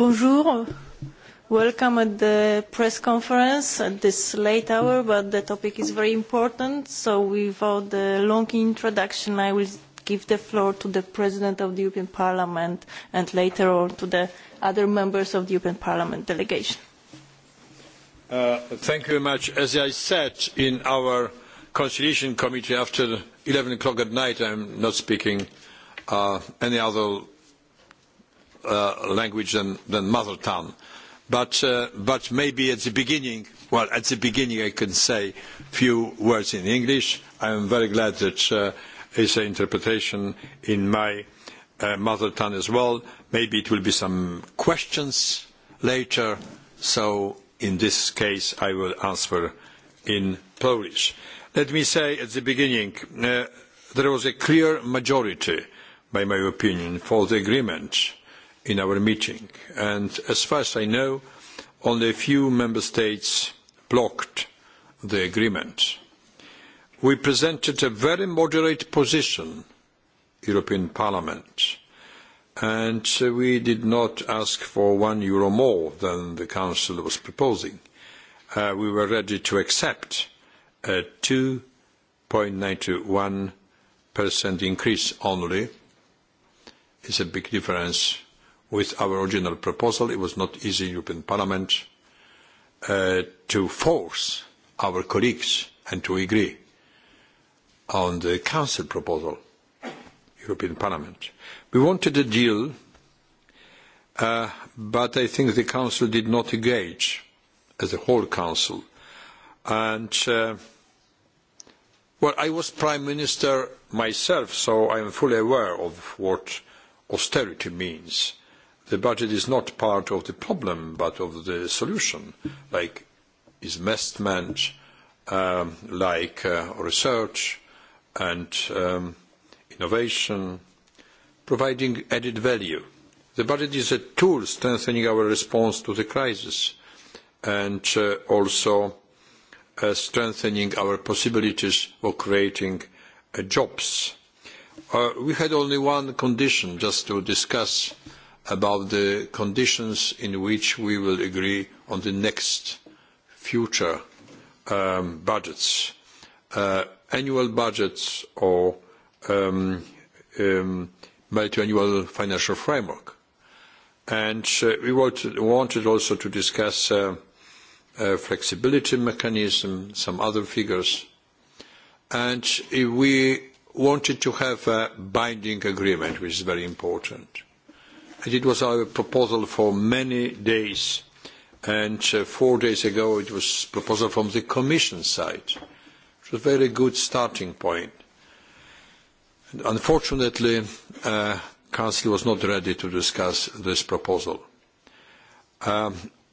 Bonjour. Welcome at the press conference at this late hour, but the topic is very important. So without the long introduction, I will give the floor to the President of the European Parliament and later on to the other members of the European Parliament delegation. Thank you very much. As I said in our Conciliation Committee after 11 o'clock at night, I'm not speaking any other language than than mother tongue. But maybe at the beginning, well, at the beginning I can say a few words in English. I am very glad that is an interpretation in my mother tongue as well. Maybe it will be some questions later, so in this case I will answer in Polish. Let me say at the beginning, there was a clear majority, by my opinion, for the agreement in our meeting. And as far as I know, only a few member states blocked the agreement. We presented a very moderate position, European Parliament, and we did not ask for one euro more than the Council was proposing. We were ready to accept a 2.91% increase only. It's a big difference with our original proposal. It was not easy in European Parliament to force our colleagues and to agree on the Council proposal, European Parliament. We wanted a deal, but I think the Council did not engage as a whole Council. And, well, I was Prime Minister myself, so I am fully aware of what austerity means the budget is not part of the problem but of the solution, like investment, like research and innovation, providing added value. The budget is a tool strengthening our response to the crisis and also strengthening our possibilities for creating jobs. We had only one condition just to discuss about the conditions in which we will agree on the next future budgets, annual budgets or multi-annual financial framework. And we wanted also to discuss flexibility mechanism, some other figures. And we wanted to have a binding agreement, which is very important. It was our proposal for many days, and four days ago it was a proposal from the Commission side. It was a very good starting point. Unfortunately, the Council was not ready to discuss this proposal.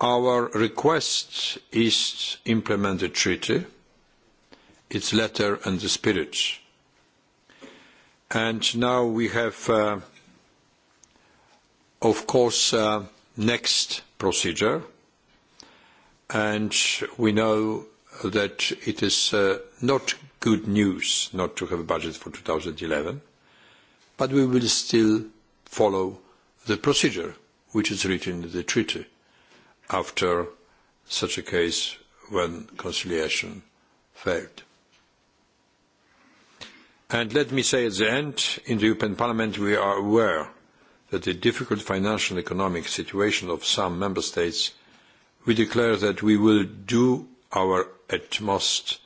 Our request is to implement the treaty, its letter and the spirit. And now we have of course, next procedure, and we know that it is not good news not to have a budget for 2011, but we will still follow the procedure which is written in the treaty after such a case when conciliation failed. And let me say at the end, in the European Parliament we are aware that the difficult financial and economic situation of some member states, we declare that we will do our utmost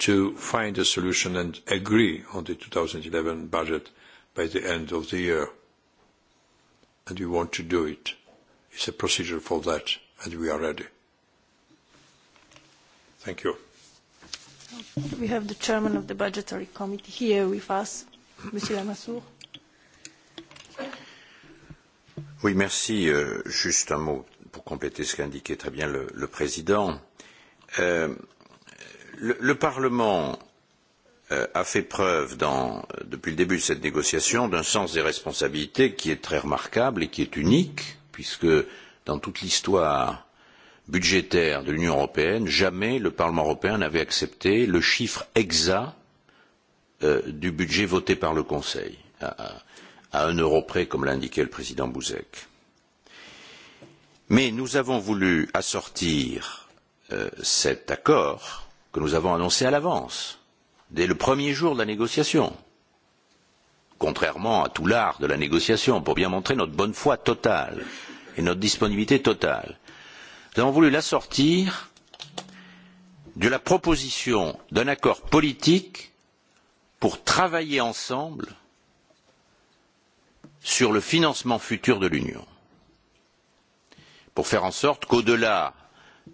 to find a solution and agree on the 2011 budget by the end of the year. And we want to do it. It's a procedure for that, and we are ready. Thank you. We have the chairman of the budgetary committee here with us, Monsieur Lamassoure. Oui, merci. Juste un mot pour compléter ce qu'a très bien le Président. Le Parlement a fait preuve depuis le début de cette négociation d'un sens des responsabilités qui est très remarquable et qui est unique, puisque dans toute l'histoire budgétaire de l'Union européenne, jamais le Parlement européen n'avait accepté le chiffre exact du budget voté par le Conseil à un euro près, comme l'indiquait le président Bouzek. Mais nous avons voulu assortir cet accord que nous avons annoncé à l'avance, dès le premier jour de la négociation, contrairement à tout l'art de la négociation, pour bien montrer notre bonne foi totale et notre disponibilité totale. Nous avons voulu l'assortir de la proposition d'un accord politique pour travailler ensemble sur le financement futur de l'Union, pour faire en sorte qu'au delà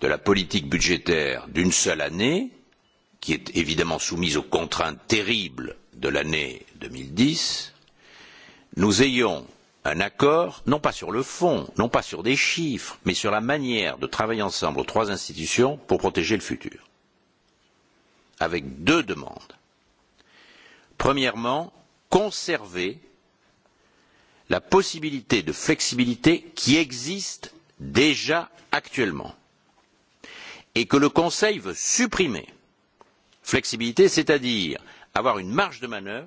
de la politique budgétaire d'une seule année, qui est évidemment soumise aux contraintes terribles de l'année 2010, nous ayons un accord, non pas sur le fond, non pas sur des chiffres, mais sur la manière de travailler ensemble aux trois institutions pour protéger le futur, avec deux demandes. Premièrement, conserver la possibilité de flexibilité qui existe déjà actuellement et que le Conseil veut supprimer. Flexibilité, c'est-à-dire avoir une marge de manœuvre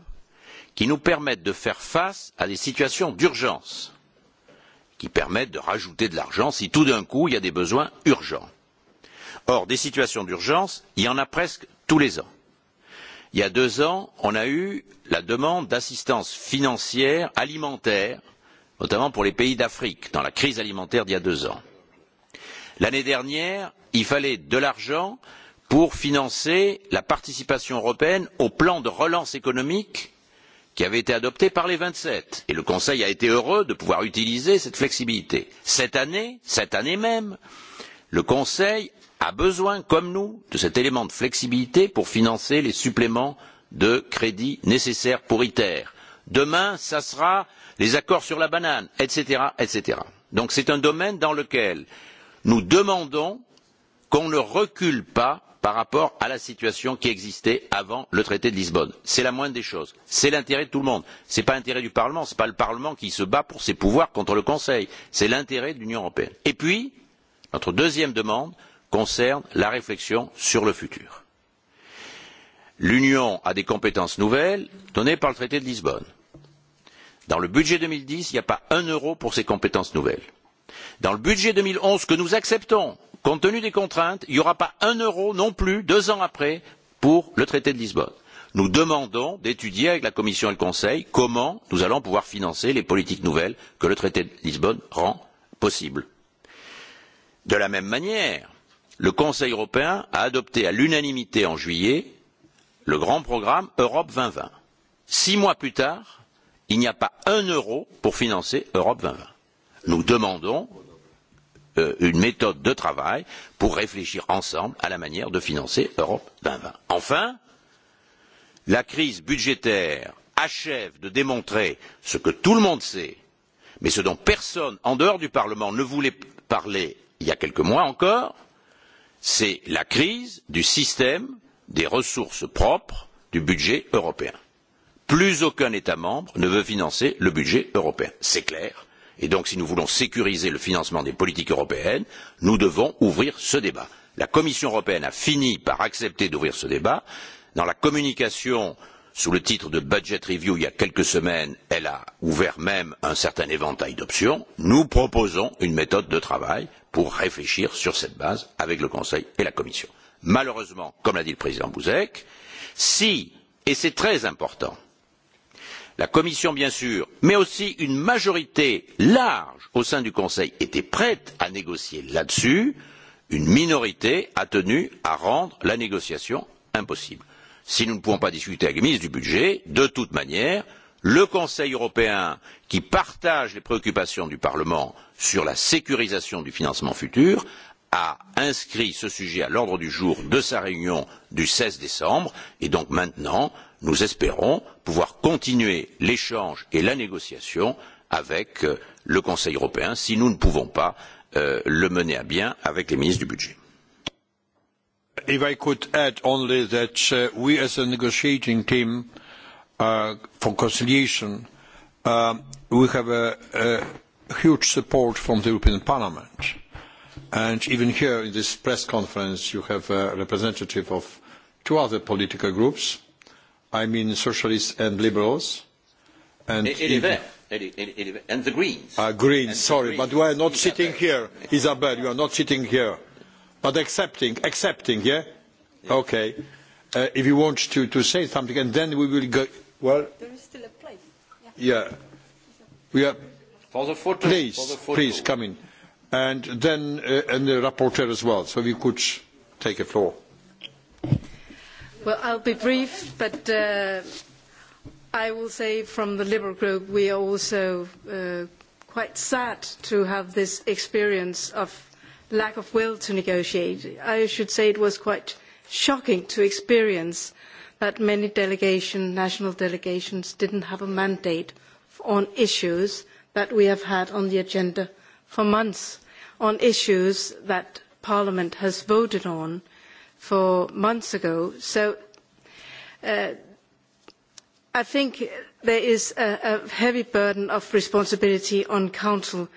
qui nous permette de faire face à des situations d'urgence, qui permettent de rajouter de l'argent si tout d'un coup il y a des besoins urgents. Or, des situations d'urgence, il y en a presque tous les ans il y a deux ans on a eu la demande d'assistance financière alimentaire notamment pour les pays d'afrique dans la crise alimentaire d'il y a deux ans. l'année dernière il fallait de l'argent pour financer la participation européenne au plan de relance économique qui avait été adopté par les vingt sept et le conseil a été heureux de pouvoir utiliser cette flexibilité. cette année cette année même le conseil a besoin, comme nous, de cet élément de flexibilité pour financer les suppléments de crédits nécessaires pour ITER. Demain, ce sera les accords sur la banane, etc. Donc c'est un domaine dans lequel nous demandons qu'on ne recule pas par rapport à la situation qui existait avant le traité de Lisbonne. C'est la moindre des choses. C'est l'intérêt de tout le monde. Ce n'est pas l'intérêt du Parlement, ce n'est pas le Parlement qui se bat pour ses pouvoirs contre le Conseil. C'est l'intérêt de l'Union européenne. Et puis, notre deuxième demande, concerne la réflexion sur le futur. L'Union a des compétences nouvelles données par le traité de Lisbonne. Dans le budget 2010, il n'y a pas un euro pour ces compétences nouvelles. Dans le budget 2011, que nous acceptons, compte tenu des contraintes, il n'y aura pas un euro non plus, deux ans après, pour le traité de Lisbonne. Nous demandons d'étudier avec la Commission et le Conseil comment nous allons pouvoir financer les politiques nouvelles que le traité de Lisbonne rend possibles. De la même manière, le Conseil européen a adopté à l'unanimité en juillet le grand programme Europe 2020. Six mois plus tard, il n'y a pas un euro pour financer Europe 2020. Nous demandons une méthode de travail pour réfléchir ensemble à la manière de financer Europe 2020. Enfin, la crise budgétaire achève de démontrer ce que tout le monde sait, mais ce dont personne en dehors du Parlement ne voulait parler il y a quelques mois encore, c'est la crise du système des ressources propres du budget européen. Plus aucun État membre ne veut financer le budget européen, c'est clair, et donc si nous voulons sécuriser le financement des politiques européennes, nous devons ouvrir ce débat. La Commission européenne a fini par accepter d'ouvrir ce débat. Dans la communication sous le titre de budget review il y a quelques semaines, elle a ouvert même un certain éventail d'options. Nous proposons une méthode de travail pour réfléchir sur cette base avec le Conseil et la Commission. Malheureusement, comme l'a dit le président Bouzek, si et c'est très important la Commission, bien sûr, mais aussi une majorité large au sein du Conseil était prête à négocier là dessus, une minorité a tenu à rendre la négociation impossible. Si nous ne pouvons pas discuter avec le ministre du budget, de toute manière, le Conseil européen, qui partage les préoccupations du Parlement sur la sécurisation du financement futur, a inscrit ce sujet à l'ordre du jour de sa réunion du 16 décembre. Et donc maintenant, nous espérons pouvoir continuer l'échange et la négociation avec le Conseil européen, si nous ne pouvons pas le mener à bien avec les ministres du budget for conciliation, we have a huge support from the European Parliament. And even here in this press conference, you have a representative of two other political groups, I mean Socialists and Liberals. And the Greens. Greens, sorry, but you are not sitting here, Isabel, you are not sitting here. But accepting, accepting, yeah? Okay. If you want to say something, and then we will Well, there still a place. Yeah. We are. For Please, please come in, and then and the rapporteur as well, so we could take a floor. Well, I'll be brief, but I will say from the Liberal Group we are also quite sad to have this experience of lack of will to negotiate. I should say it was quite shocking to experience that many national delegations, didn't have a mandate on issues that we have had on the agenda for months, on issues that Parliament has voted on for months ago. So I think there is a heavy burden of responsibility on Council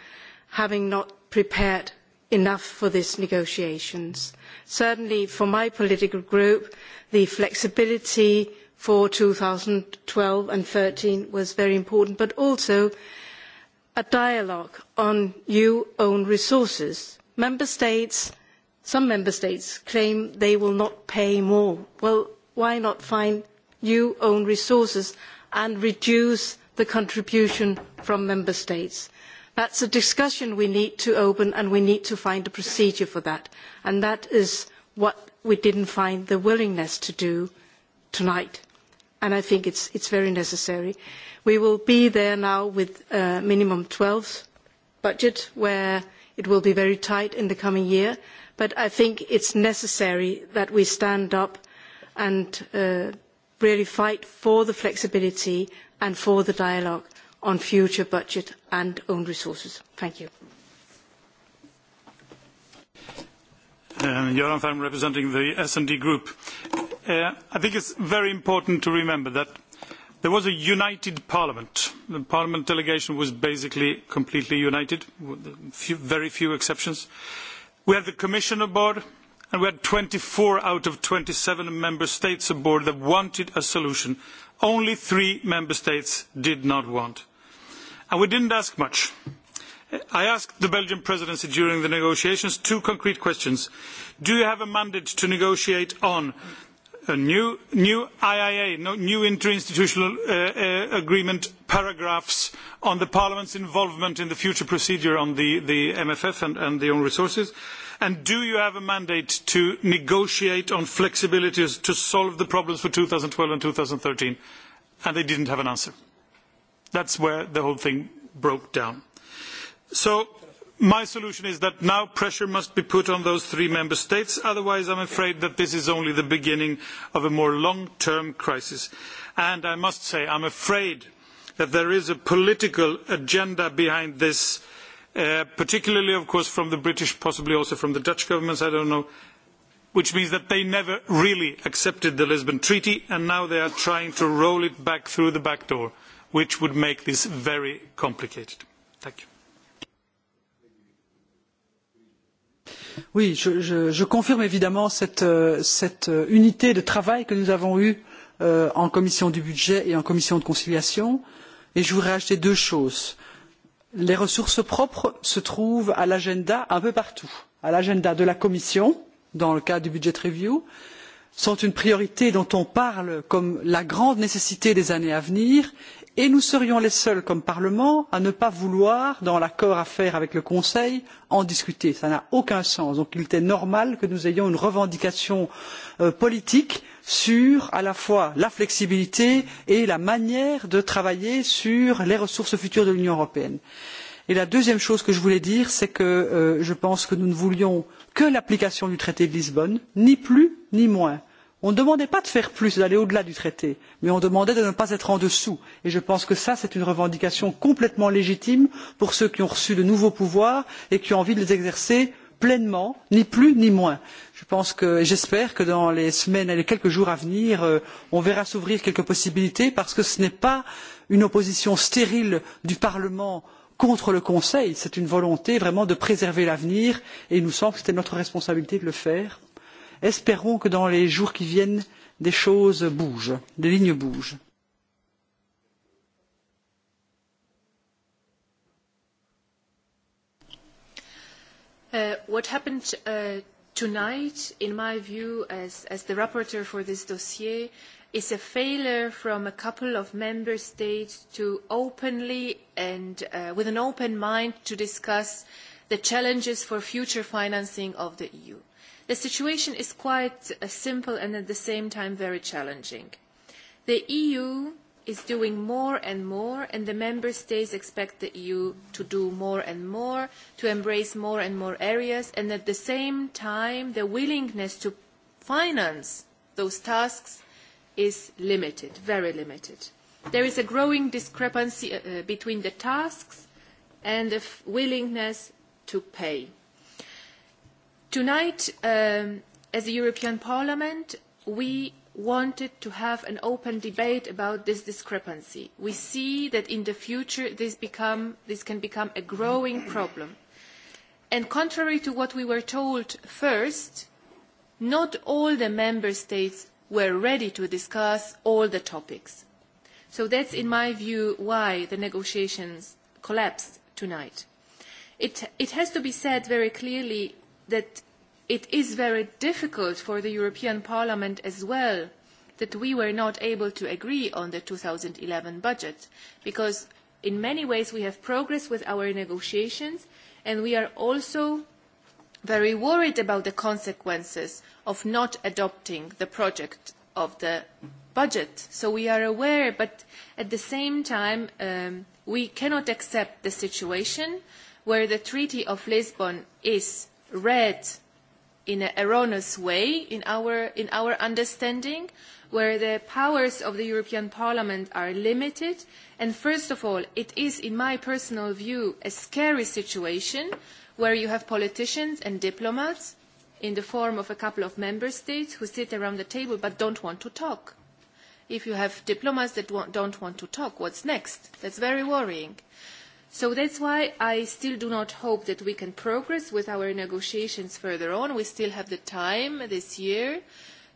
having not prepared enough for these negotiations. Certainly for my political group, the flexibility for 2012 and 2013 was very important, but also a dialogue on your own resources. Member states, some member states claim they will not pay more. Well, why not find new own resources and reduce the contribution from member states? That's a discussion we need to open and we need to find a procedure for that. And that is what we didn't find the willingness to do tonight. And I think it's very necessary. We will be there now with a minimum 12 budget where it will be very tight in the coming year. But I think it's necessary that we stand up and really fight for the flexibility and for the dialogue on future budget and own resources. Thank you. Göran Färm representing the S&D Group. I think it's very important to remember that there was a united Parliament. The Parliament delegation was basically completely united, with very few exceptions. We had the Commission aboard, and we had 24 out of 27 member states aboard that wanted a solution. Only three member states did not want. And we not ask much. I asked the Belgian presidency during the negotiations two concrete questions. Do you have a mandate to negotiate on a new IIA, new interinstitutional agreement paragraphs on the Parliament's involvement in the future procedure on the MFF and the own resources? And do you have a mandate to negotiate on flexibilities to solve the problems for 2012 and 2013? And they didn't have an answer. That's where the whole thing broke down. So my solution is that now pressure must be put on those three member states. Otherwise, I'm afraid that this is only the beginning of a more long-term crisis. And I must say, I'm afraid that there is a political agenda behind this, particularly, of course, from the British, possibly also from the Dutch governments, I don't know, which means that they never really accepted the Lisbon Treaty, and now they are trying to roll it back through the back door which would make this very complicated. Thank you. Oui, je confirme évidemment cette unité de travail que nous avons eue en commission du budget et en commission de conciliation et je voudrais ajouter deux choses. Les ressources propres se trouvent à l'agenda un peu partout, à l'agenda de la Commission, dans le cadre du budget review, sont une priorité dont on parle comme la grande nécessité des années à venir et nous serions les seuls comme parlement à ne pas vouloir dans l'accord à faire avec le conseil en discuter. cela n'a aucun sens. il était normal que nous ayons une revendication politique sur à la fois la flexibilité et la manière de travailler sur les ressources futures de l'union européenne. la deuxième chose que je voulais dire c'est que je pense que nous ne voulions que l'application du traité de lisbonne ni plus ni moins on ne demandait pas de faire plus d'aller au delà du traité mais on demandait de ne pas être en dessous et je pense que c'est une revendication complètement légitime pour ceux qui ont reçu de nouveaux pouvoirs et qui ont envie de les exercer pleinement ni plus ni moins. je pense j'espère que dans les semaines et les quelques jours à venir on verra s'ouvrir quelques possibilités parce que ce n'est pas une opposition stérile du parlement contre le conseil c'est une volonté vraiment de préserver l'avenir et il nous semble que c'était notre responsabilité de le faire espérons que dans les jours qui viennent des choses bougent des lignes bougent. what happened tonight in my view as the rapporteur for this dossier is a failure from a couple of member states to openly and with an open mind to discuss the challenges for future financing of the eu The situation is quite simple and at the same time very challenging. The EU is doing more and more and the member states expect the EU to do more and more, to embrace more and more areas and at the same time the willingness to finance those tasks is limited, very limited. There is a growing discrepancy between the tasks and the willingness to pay. Tonight, as the European Parliament, we wanted to have an open debate about this discrepancy. We see that in the future this can become a growing problem. And contrary to what we were told first, not all the Member States were ready to discuss all the topics. So that's, in my view, why the negotiations collapsed tonight. It has to be said very clearly that it is very difficult for the European Parliament as well that we were not able to agree on the 2011 budget, because in many ways we have progress with our negotiations, and we are also very worried about the consequences of not adopting the project of the budget. So we are aware, but at the same time, we cannot accept the situation where the Treaty of Lisbon is read in an erroneous way in our understanding, where the powers of the European Parliament are limited. And first of all, it is, in my personal view, a scary situation where you have politicians and diplomats in the form of a couple of member states who sit around the table but don't want to talk. If you have diplomats that don't want to talk, what's next? That's very worrying. So that's why I still do not hope that we can progress with our negotiations further on. We still have the time this year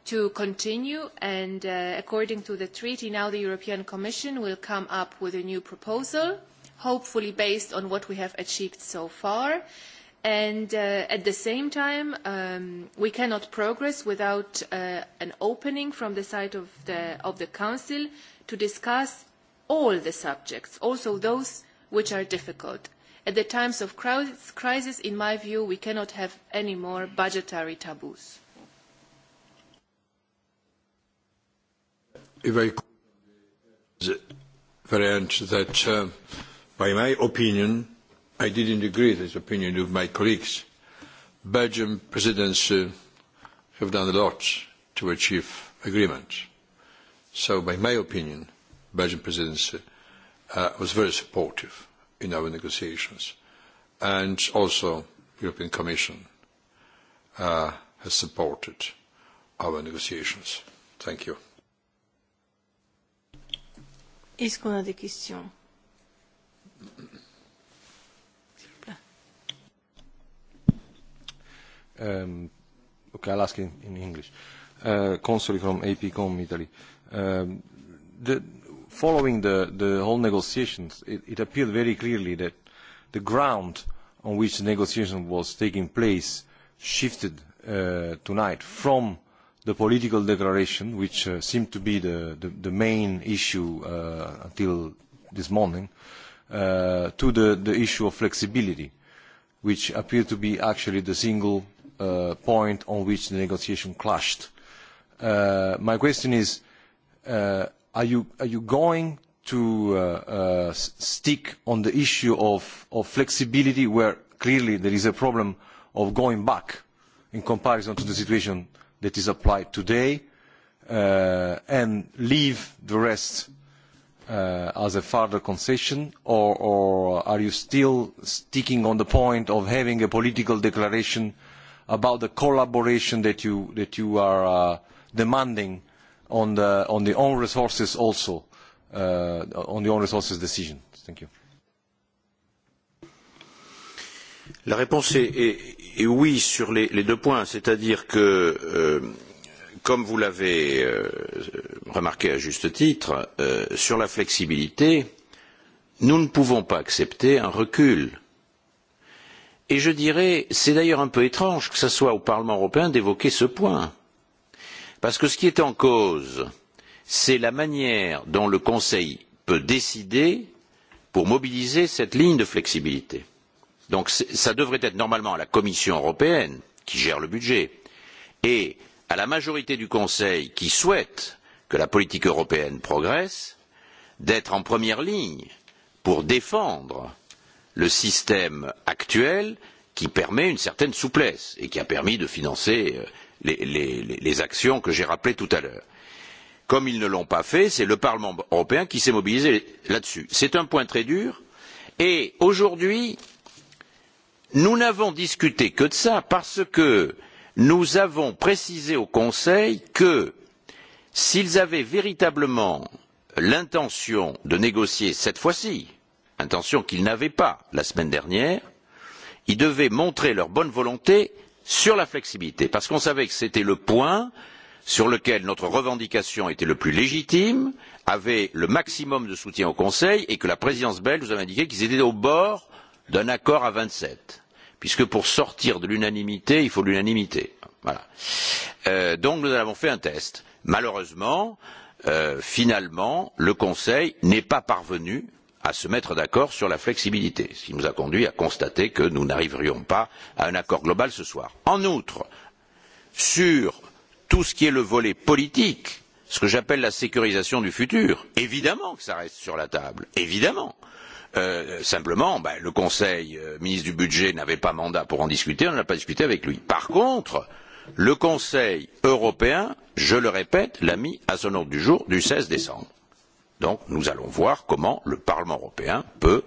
to continue and according to the treaty now the European Commission will come up with a new proposal, hopefully based on what we have achieved so far. And at the same time we cannot progress without an opening from the side of the Council to discuss all the subjects, also those which are difficult. At the times of crisis, in my view, we cannot have any more budgetary taboos. If I could that, by my opinion, I didn't agree with the opinion of my colleagues. Belgium presidency have done a lot to achieve agreement. So, by my opinion, Belgian presidency was very supportive in our negotiations. And also the European Commission uh, has supported our negotiations. Thank you. Est-ce qu'on a des questions Okay, I'll ask in English. Uh, Consul from APCOM Italy. Um, the, following the whole negotiations, it appeared very clearly that the ground on which the negotiation was taking place shifted tonight from the political declaration, which seemed to be the main issue until this morning, to the issue of flexibility, which appeared to be actually the single point on which the negotiation clashed. My question is are you going to stick on the issue of flexibility where clearly there is a problem of going back in comparison to the situation that is applied today and leave the rest as a further concession or are you still sticking on the point of having a political declaration about the collaboration that you are demanding on the own resources also on the own resources decision. Thank you. La réponse est oui sur les deux points, c'est-à-dire que, comme vous l'avez remarqué à juste titre, sur la flexibilité, nous ne pouvons pas accepter un recul. Et je dirais, c'est d'ailleurs un peu étrange que ce soit au Parlement européen d'évoquer ce point Parce que ce qui est en cause, c'est la manière dont le Conseil peut décider pour mobiliser cette ligne de flexibilité. Donc ça devrait être normalement à la Commission européenne, qui gère le budget, et à la majorité du Conseil qui souhaite que la politique européenne progresse, d'être en première ligne pour défendre le système actuel qui permet une certaine souplesse et qui a permis de financer les actions que j'ai rappelées tout à l'heure. Comme ils ne l'ont pas fait, c'est le Parlement européen qui s'est mobilisé là-dessus. C'est un point très dur et aujourd'hui, nous n'avons discuté que de ça parce que nous avons précisé au Conseil que s'ils avaient véritablement l'intention de négocier cette fois-ci, intention qu'ils n'avaient pas la semaine dernière, ils devaient montrer leur bonne volonté sur la flexibilité parce qu'on savait que c'était le point sur lequel notre revendication était le plus légitime avait le maximum de soutien au conseil et que la présidence belge nous avait indiqué qu'ils étaient au bord d'un accord à vingt sept puisque pour sortir de l'unanimité il faut l'unanimité. donc nous avons fait un test. malheureusement finalement le conseil n'est pas parvenu à se mettre d'accord sur la flexibilité, ce qui nous a conduit à constater que nous n'arriverions pas à un accord global ce soir. En outre, sur tout ce qui est le volet politique, ce que j'appelle la sécurisation du futur, évidemment que cela reste sur la table, évidemment. Simplement, le Conseil ministre du budget n'avait pas mandat pour en discuter, on n'a pas discuté avec lui. Par contre, le Conseil européen, je le répète, l'a mis à son ordre du jour du 16 décembre. Donc nous allons voir comment le Parlement européen peut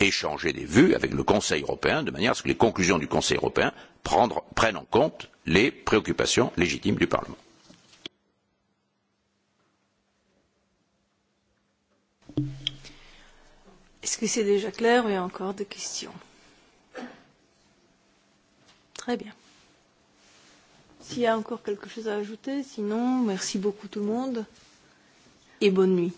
échanger des vues avec le Conseil européen de manière à ce que les conclusions du Conseil européen prennent en compte les préoccupations légitimes du Parlement. Est-ce que c'est déjà clair ou il y a encore des questions Très bien. S'il y a encore quelque chose à ajouter, sinon, merci beaucoup tout le monde et bonne nuit.